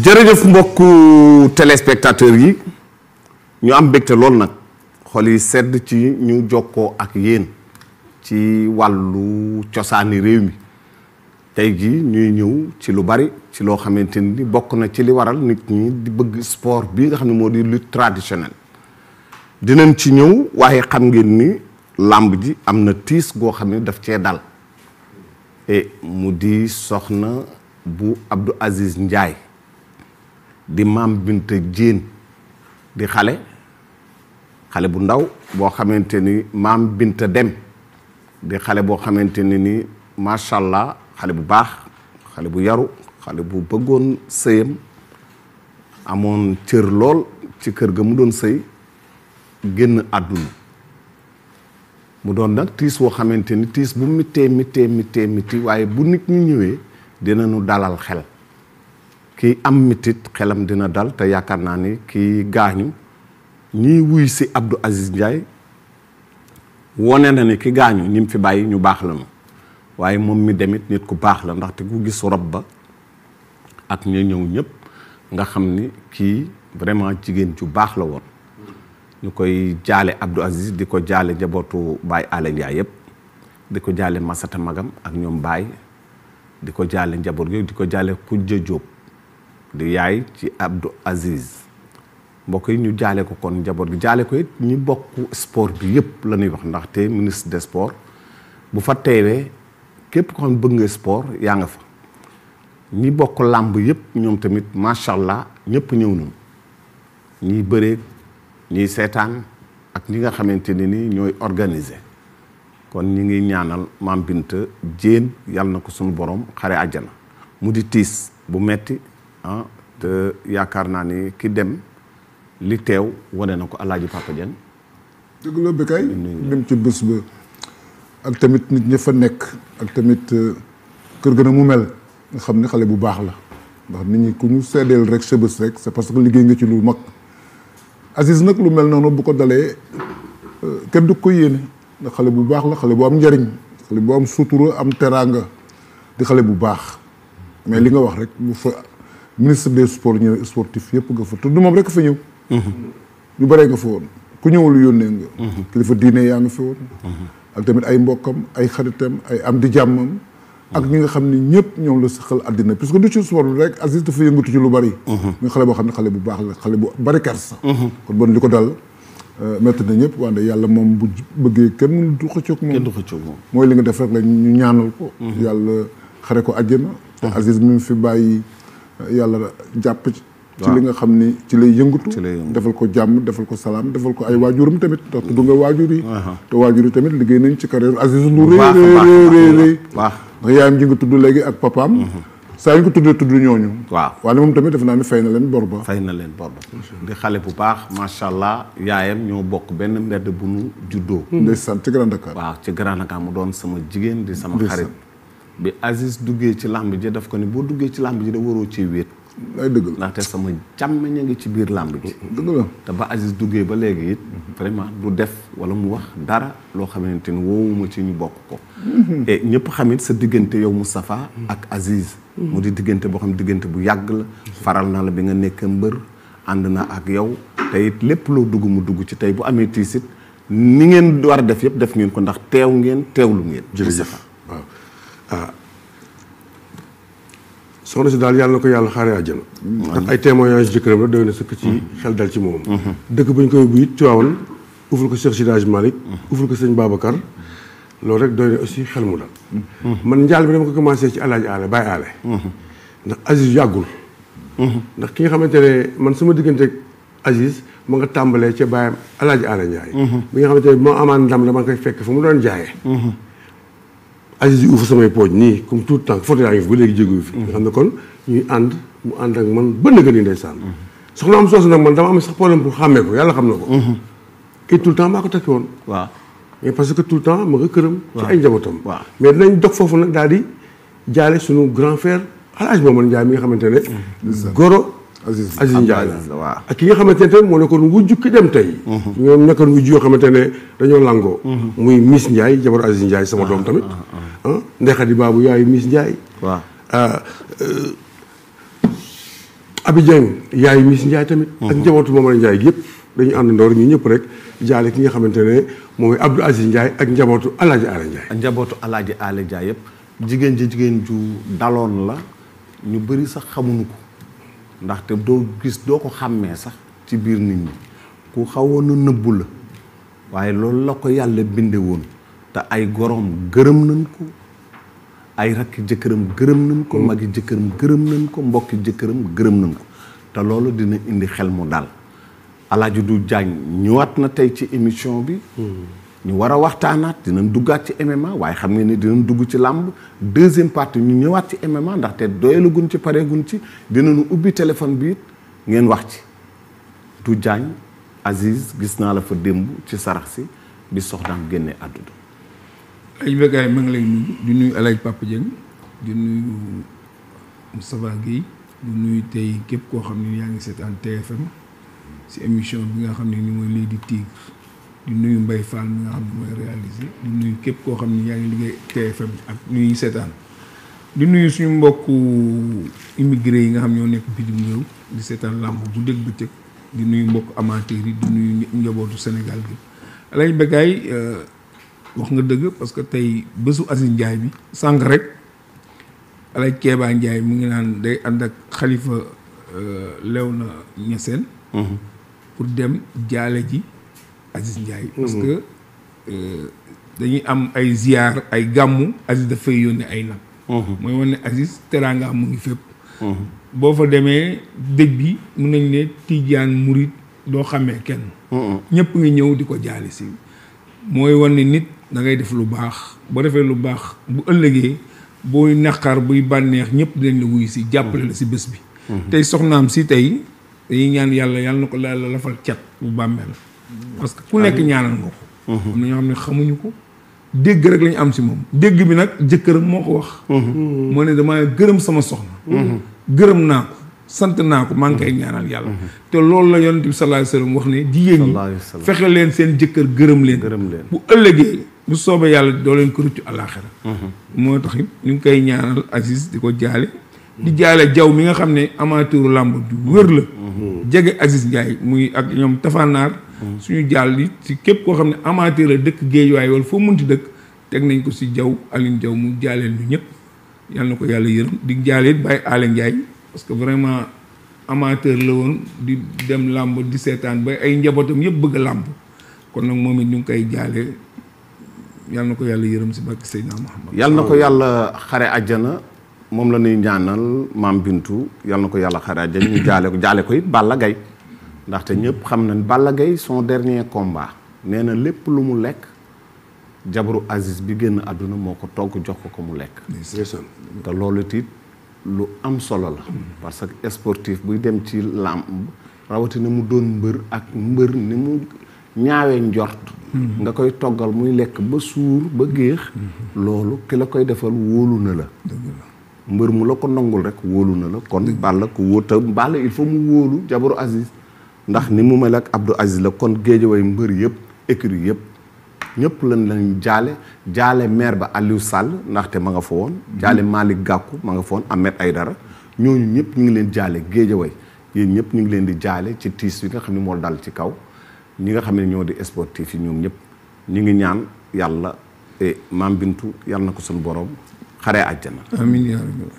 jërëjëf mbokku téléspectateur yi ñu am bégte lool nag xol yi sedd ci ñu jokkoo ak yéen ci wàllu cosaani réew mi tey ji ñuy ñëw ci lu bari ci loo xamante ni bokk na ci li waral nit ñi di bëgg sport bi nga xam ne moo di lutte traditionnelle dinañ ci ñëw waaye xam ngeen ni làmb ji am na tiis goo xam ne daf cee dal mu di soxna bu Abdou Aziz Ndiaye di maam Binta Jéen di xale xale bu ndaw boo xamante ni maam Binta Dem di xale boo xamante ne ni macha allah xale bu baax xale bu yaru xale bu bëggoon sëyam amoon cër lool ci kër ga mu doon sëy génn àdduna mu doon nag tiis woo xamante ni tiis bu mittee mittee mittee mitti waaye bu nit ñu ñëwee dinañu dalal xel kii am mitit xelam dina dal te yaakaar naa ni kii gaañu ñii wuy si Abdou Aziz Ndiaye wone na ni ki gaañu ñi mu fi bàyyi ñu baax la ñu waaye moom mi demit nit ku baax la ndaxte ku gis rob ba ak ñu ñëw ñëpp nga xam ni kii vraiment jigéen ju baax la woon ñu koy jaale Abdou Aziz di ko jaale njabootu baay Alé Ndiaye yëpp di ko jaale Masata Magam ak ñoom Baye di ko jaale njaboot yi di ko jaale Kujja Jóob di yaay ci Abdou Aziz mbokk yi ñu jaale ko kon njaboot gi jaale ko it ñi bokk sport bi yëpp la ñuy wax ndaxte ministre de sports bu fa teewee képp ko xam bëgg nga sport yaa nga fa ñi bokk làmb yëpp ñoom tamit macha allah ñëpp ñëw nañu ñi bëree ñi seetaan ak ñi nga xamante ne nii ñooy organiser kon ñi ngi ñaanal maam Binta Jéen yàlla na ko suñu borom xare àjjana mu di tiis bu metti ah te yaakaar naa ni ki dem li teew wane na ko alaaji Papa Dieng dëgg la bi kay dem ci bés ba ak tamit nit ñi fa nekk ak tamit euh, kër gën a mu mel nga xam ne xale bu baax la ndax nit ñi ku ñu seddeel rek sa bés rek c'est parce que liggéey nga ci lu mag Aziz nag lu mel noonu bu ko dalee euh, kenn du ko yéene ndax xale bu baax la xale boo am njariñ xale bu am sutura am teraanga di xale bu baax mais li nga wax rek bu ministre des sports ñëw sportif yëpp nga fa tudd moom rek fa ñëw. ñu bëree nga fa woon ku ñëwul yónnee nga. Mhm. kilifa diine yaa nga fa woon. Mhm. ak tamit ay mbokkam ay xaritam ay am di jàmmam. ak ñi nga xam ne ñëpp ñoom la saxal àddina parce que du ci sport rek Aziz dafa yëngatu ci lu bari. Mhm. muy xale boo xam ne xale bu baax la xale bu bari kersa. kon bon li ko dal euh, métti na ñëpp wante yàlla moom bu bëggee kenn du du xëccoog moom. mooy li nga def yàlla jàpp ci li nga xam ni ci lay yëngatu defal ko jàmm defal ko salaam defal ko ay waajuram tamit ndax tudd nga waajur yi te waajur yi tamit liggéey nañ ci carrière ak lu rëy rëy rëy rëy waaw ndax yaayam ji nga tudd léegi ak papaam mhm. saa ñu ko tuddee tudd ñooñu waaw waaye moom tamit def naa ni fay na leen bor ba fay na leen bor ba di xale bu baax macha allah yaayam ñoo bokk benn mbedd bu nu juddoo ndeysaan ci Grand Dakar ci Grand mu doon sama jigéen di sama xarit bi Aziz duggee ci làmb ji daf ko ne boo duggee ci làmb ji da waroo ci wéet ay dëgg la te sama càmm ña ngi ci biir làmb ji dëgg la te ba Aziz duggee ba léegi it mhm. vraiment du def wala mu wax dara loo xamante ni woowuma ci ñu bokk ko mhm. ñëpp xamit sa diggante yow Moustapha mhm. ak Aziz mu di diggante boo xam diggante bu yàgg la faral na la bi nga nekk mbër ànd na ak yow te it lépp loo dugg mu dugg ci tey bu amee tiisit ni ngeen war a def yëpp def ngeen ko ndax teew ngeen teewlu ngeen jërëjëf ah soxna si daal yàlla na ko yàlla xaaree àjjana. Mm-hmm. ndax ay témoignages jëkkëram la doy na sëkk ci mm-hmm. xel dal ci moom. Mm-hmm. dëkk bu ñu koy yóbbu it Tiwaawan uful ko Cheikh Sidage Malick. uful ko sëñ Babacar. loolu rek doy na aussi xel mu dal. man njaal bi dama ko commencé ci alaaji aale bàyyi aale. ndax Aziz yàggul. ndax ki nga xamante ne man sama diggante Aziz mu nga tàmbalee ca bàyyam alaaji aale Ndiaye. bi nga xamante ne moo amaan ndam la koy fekk mu doon jaayee. Aziz di uuf samay pooj nii comme tout le temps foto yaa ngi fi ba léegi jéguyu fi nga xam ne kon ñuy ànd mu ànd ak man ba nëgë ni ndeysaan soxna am soosu nag man dama am sax problème pour xàmmee ko yàlla xam na ko et mhm. tout temps maa ko takki woon waaw parce que tout temps ma nga këram ci ay njabootam mais dinañ dog foofu nag daal di jaale suñu grand frère alaaj boobu man Njaay mi xamante ne mhm. goro Aziz Aziz Ndiaye ak ki nga xamante ne moo nekkoon wujj ki dem tey mhm. ñoom nekkoon wujj yoo xamante ne dañoo langoo mhm. muy Miss Ndiaye jabaru Aziz Ndiaye sama doom ah, tamit ah, ah, ah. ndexadi baabu yaayu Miss Ndiaye waaw euh, Abi Dieng yaayu Miss Ndiaye tamit ak mhm. njabootu Momar Ndiaye ñu ñëpp rek jaale ki nga xamante ne moom Abdou Aziz Ndiaye ak njabootu Alaaji njabootu Alaaji Ala Ndiaye yëpp jigéen ji jigéen ju daloon la ñu bëri sax xamuñu ndaxte doo gis doo ko xàmmee sax ci biir nit ñi ku xawoon a nëbbu la waaye loolu la ko yàlla binde woon te ay gorom gërëm nañ ko ay rakki jëkkëram gërëm nañ ko mm. magi jëkkëram gërëm nañ ko mbokki jëkkëram gërëm nañ ko te loolu dina indi xel mu daal Alaaji du Jaañ ñëwaat na tey ci émission bi mm. ñu war a waxtaanaat dinañ duggaat ci MMA waaye xam nga ne dinañ dugg ci làmb deuxième partie ñu ñëwaat ci MMA ndaxte doyalugun ci pareegun ci dinañu ubbi téléphone bi ngeen wax ci du Diagne Aziz gis naa la fa démb ci sarax si bi soxnaam génne àdduna ay bëggaay ma ngi lay nuyu di nuyu El Hadj di nuyu Moustapha Guèye di nuyu tey képp koo xam ne yaa ngi seetaan si émission bi nga xam ne ni mooy L'Oeil du di nuyu Mbaye Fall mi nga xam ne mooy réalisé di nuyu képp koo xam ne yaa ngi liggéey TFM ak ñuy seetaan di nuyu suñu mbokku immigré yi nga xam ñoo nekk bitim réew di seetaan làmb bu dégg bëccëg di nuyu mbokk amateur yi di nuyu njabootu Sénégal gi Alaji Bécaye euh, wax nga dëgg parce que tey bésu Aziz Ndiaye bi sànq rek Alaji Kéba Ndiaye mu ngi naan day ànd ak Khalifa euh, Léona Niassène mm-hmm. pour dem jaale ji Aziz Ndiaye. Mm. parce que euh, dañuy am ay ziar ay gàmmu Aziz dafay yónnee ay nag. Mm-hmm. mooy wane ne Aziz teraanga mu ngi fépp. Mm-hmm. boo fa demee dëj bi mun nañ ne tijaan murit doo xamee kenn. Mm-hmm. ñëpp ngi ñëw di ko jaali si. mooy wane ne nit dangay def lu baax boo defee lu baax bu ëllëgee booy naqar buy bànneex ñëpp dinañ la wuyu si jàppale la si bés bi. tey soxnaam si tey dañuy ñaan yàlla yàlla na ko la lafal cat bu bàmmeel. parce que ku nekk ñaanal nga ko. Mhm. am na ñoo xam ne xamuñu ko. dégg rek lañu am si moom dégg bi nag jëkkër moo ko wax. Mhm. moo ne damaa gërëm sama soxna. Mhm. gërëm naa ko sant naa ko maa ngi koy ñaanal yàlla. te loolu la yonent bi sallallahu alayhi wasallam wax ne jigéen ñi. fexe leen seen jëkkër gërëm leen. gërëm leen bu ëllëgee. bu soobee yàlla doo leen ko rëccu àllaaxira moo tax it ñu ngi koy ñaanal Aziz di ko jaale. di jaale jaww mi nga xam ne amateuru làmb du wër la. jege Aziz Ndiaye muy ak ñoom Tafanaar. suñu jaal yi si képp koo xam ne amateur la dëkk géejuwaay wala foo mun munti dëkk teg nañ ko si jaw Alioune Jaw mu jaaleel ñu ñëpp yal na ko yàlla yërëm di jaalit bàyyi Aale Ndiaye parce que vraiment amateur la woon di dem làmb di seetaan ba ay njabootam yëpp bëgg làmb kon nag moom it ñu ngi koy jaale yal na ko yàlla yërëm si barke Seydina Muhammad yal na ko yàlla xare àjjana moom la ñuy ñaanal maam Bintu yal na ko yàlla xare àjjana ñu jaale ko jaale ko it Balla Gaye ndaxte ñëpp xam na Balla Gaye son dernier combat nee na lépp lu mu lekk jabaru Aziz bi génn àdduna moo ko togg jox ko ko mu lekk te loolu tiit lu am solo la parce que sportif buy dem ci làmb rawatina mu doon mbër ak mbër ni mu ñaawee njort hmm. nga koy toggal muy lekk ba suur ba géex hmm. loolu ki la koy defal wóolu na la mbër mu la ko nangul rek wóolu na la kon Balla ko wóor te Balla il faut mu wóolu jabaru Aziz ndax ni mu ma ak Abdou Aziz la kon géejawaay mbër yëpp écurie yëpp ñëpp lan lañ jaale jaale mair ba Aliou Sall ndaxte ma nga fa woon jaale mm-hmm. Malick Gakou ma nga fa woon Ahmed Aïdara ñooñu ñëpp ñu ngi leen jaale géejawaay yéen ñëpp ñu ngi leen di jaale ci tiis yi nga xam ne moo dal ci kaw ñi nga xam ne ñoo di sportif yi ñoom ñëpp ñu ngi ñaan yàlla maam Bintu yàlla na ko suñu boroom xaree àjjana